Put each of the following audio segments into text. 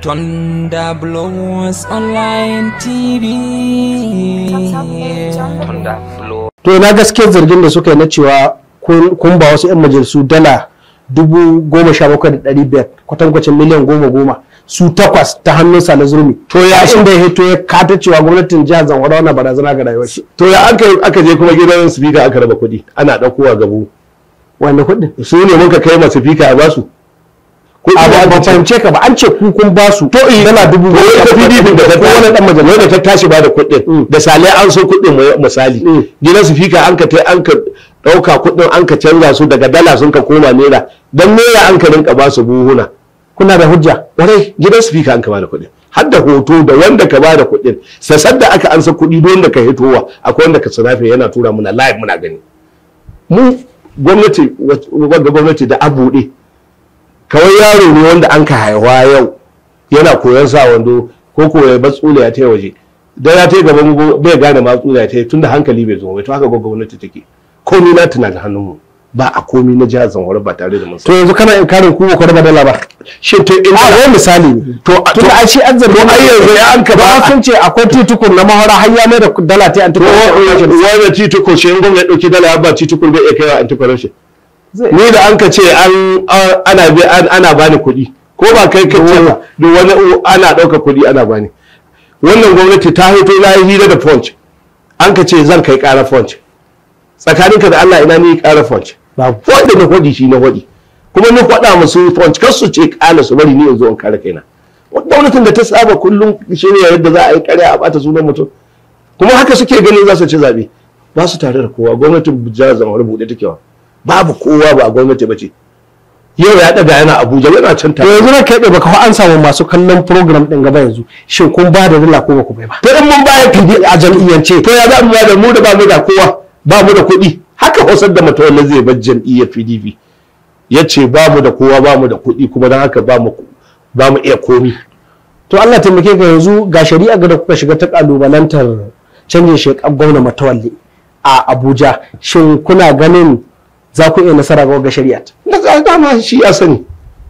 Tonda Blows Online TV. To na gaskiyar zargin da suka yi na cewa kun ba wasu 'yan majalisu dala dubu goma sha bakwai da ɗari biyar kwatankwacin miliyan goma goma su takwas ta hannun sa na zurmi to ya shi da ya to ya kata cewa gwamnatin jihar zamfara wannan barazana ga rayuwar shi to ya aka aka je kuma gidan spika aka raba kuɗi ana ɗaukowa gabo wanda kuɗin su ne mun ka kai ma spika a basu a ba fahimce ka ba an ce ku kun ba su to eh, dala dubu ko da PDP da Ko wani dan majalisa da ta tashi ba da kuɗin mm. da sale an so kuɗin misali mm. gidan su fika an ka tai an ka dauka kuɗin an ka canza su daga dala sun ka koma naira dan naira an ka rinka ba su buhuna kuna da hujja warai gidan su fika an ka ba da kuɗin har da hoto da wanda ka ba da kuɗin sasar da aka ansa kuɗi don da ka hitowa akwai wanda ka sanafe yana tura muna live muna gani mu gwamnati wadda gwamnati da abuɗe kawai yaro ne wanda an ka haihuwa yau yana koyon sa wando ko koyar ba tsula ya ta waje da ya ta gaban bai gane ma tsula ya ta tunda hankali bai zo bai to haka gwamnati take komai na tana da hannunmu ba a komi na jihar zamfara ba tare da mun to yanzu kana inkarin kuma ko da dala ba shi to in a wani misali ne to to da shi an ba ai yanzu ya an ka ba sun ce akwai titukun na mahara har ya mai da dala an anti corruption wanda titukun shi in gwamnati dauki dala ba titukun bai iya kaiwa anti shi ni da an ka ce ana ana bani kuɗi ko ba kai ka ce ba wani ana ɗauka kuɗi ana bani wannan gwamnati ta hito na hira da punch an ka ce zan kai ƙara punch tsakaninka da Allah ina ni ƙara punch ba wanda na hodi shi na hodi kuma ni faɗa musu punch kar su ce ƙala su bari ni yanzu in kare kaina gwamnatin da ta saba kullum ne yadda za a yi ƙarya a bata sunan mutum kuma haka suke ganin za su ci zaɓe ba su tare da kowa gwamnatin jihar zamfara buɗe take wa babu kowa ba gwamnati ba ce yau ya ɗaga yana abuja yana can ta yanzu na kaɗe baka an samu masu kallon program ɗin gaba yanzu shin kun ba da dala ko baku bai ba to in mun baya fidi a jam'iyyance to ya za mu da mu da ba mu da kowa ba mu da kuɗi haka hausar da mutawalli zai bar jam'iyyar pdp ya ce ba mu da kowa ba mu da kuɗi kuma don haka ba mu ba mu iya komi to Allah taimake ka yanzu ga shari'a ga da kuka shiga ta kalubalantar canjin shekar gwamna matawalli a Abuja shin kuna ganin za ku iya nasara ga wagga shari'a na dama shi ya sani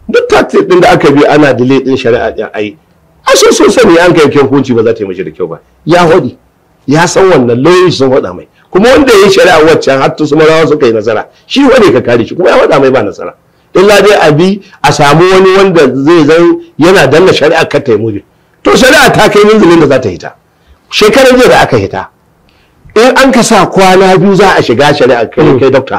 duk tactic din da aka bi ana delay din shari'a din ai a so so sani an kai kyan hukunci ba za ta yi mashi da kyau ba ya hodi ya san wannan lauyoyi sun hoda mai kuma wanda ya yi shari'a waccan har su marawa suka yi nasara shi wane ka kare shi kuma ya hoda mai ba nasara illa dai a bi a samu wani wanda zai zan yana danna shari'a kar ta yi mubi to shari'a ta kai minzilin da za ta hita shekarar jiya da aka hita in an ka sa kwana biyu za a shiga shari'a kai mm. kai dokta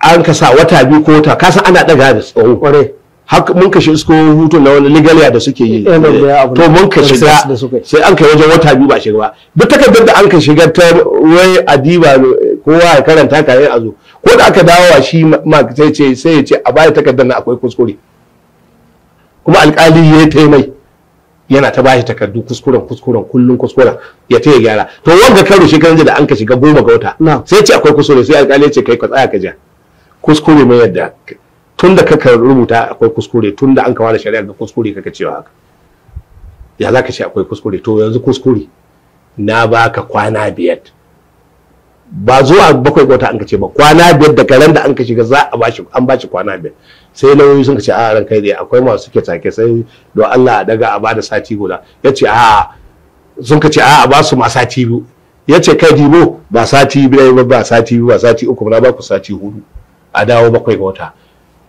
an ka sa wata biyu ko wata kasan ana daga da tsawo kwarai haka mun kashe isko hutun na wani ligaliya da suke yi eh, to mun ka shiga sai an kai wajen wata biyu ba shiga ba duk takardar da an ka shiga ta wai adiba kowa ya karanta kare a zo ko da aka dawo shi ma sai ce sai ya ce a baya takardar na akwai kuskure kuma alkali ya ta mai yana ta bashi takardu kuskuren kuskuren kullun kuskuren ya ta gyara to wanda karo shekaran da an ka shiga goma ga wata sai ce akwai kuskure sai alkali ya ce kai ka tsaya ka ja kuskure mai yadda tun da kaka rubuta akwai kuskure tun da an kawo da shari'a da kuskure kaka cewa haka ya za ka ce akwai kuskure to yanzu kuskure na baka kwana biyar ba zuwa bakwai wata an ka ce ba kwana biyar da karen da an ka shiga za a bashi an bashi kwana biyar sai lauyoyi sun kace ce a ran kai dai akwai masu suke take sai do Allah daga a bada sati guda yace a sun kace ce a ba su ma sati biyu ya ce kai dibo ba sati biyu ba sati biyu ba sati uku ba ba ku sati hudu a dawo bakwai ga wata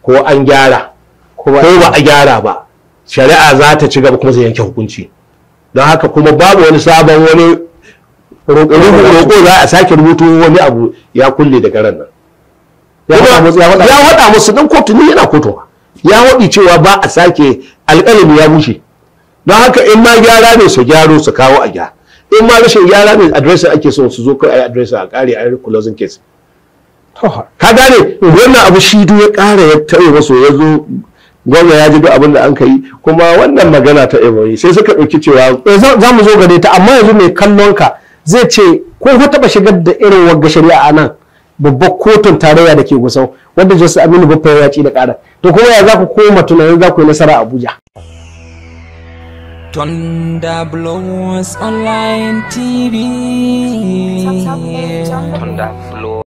ko an gyara ko ba a gyara ba shari'a za ta ci gaba kuma zai yanke hukunci don haka kuma babu wani sabon wani roƙo za a sake rubutu wani abu ya kulle daga ran nan ya waɗa musu dan kotu ne yana kotu ya waɗi cewa ba a sake alƙalami ya bushe don haka in ma gyara ne su gyaro su kawo a gyara in ma rashin gyara ne adresin ake so su zo kai a adresin a ƙari a closing case ka gane wannan abu shi duk ya ƙara ya taɓa masu ya zo gwamna ya ji duk abin da an ka yi. kuma wannan magana ta ebonyi sai suka ɗauki cewa eh, za mu zo gare ta amma yanzu mai kallon ka zai ce ko ka taɓa shigar da irin wagga shari'a a nan babbar kotun tarayya da ke gusau wanda joseph aminu baffa ya ci da ƙara to kuma ya za ku koma tunanin za ku yi nasara abuja Tonda Blows Online TV. Tonda Blows.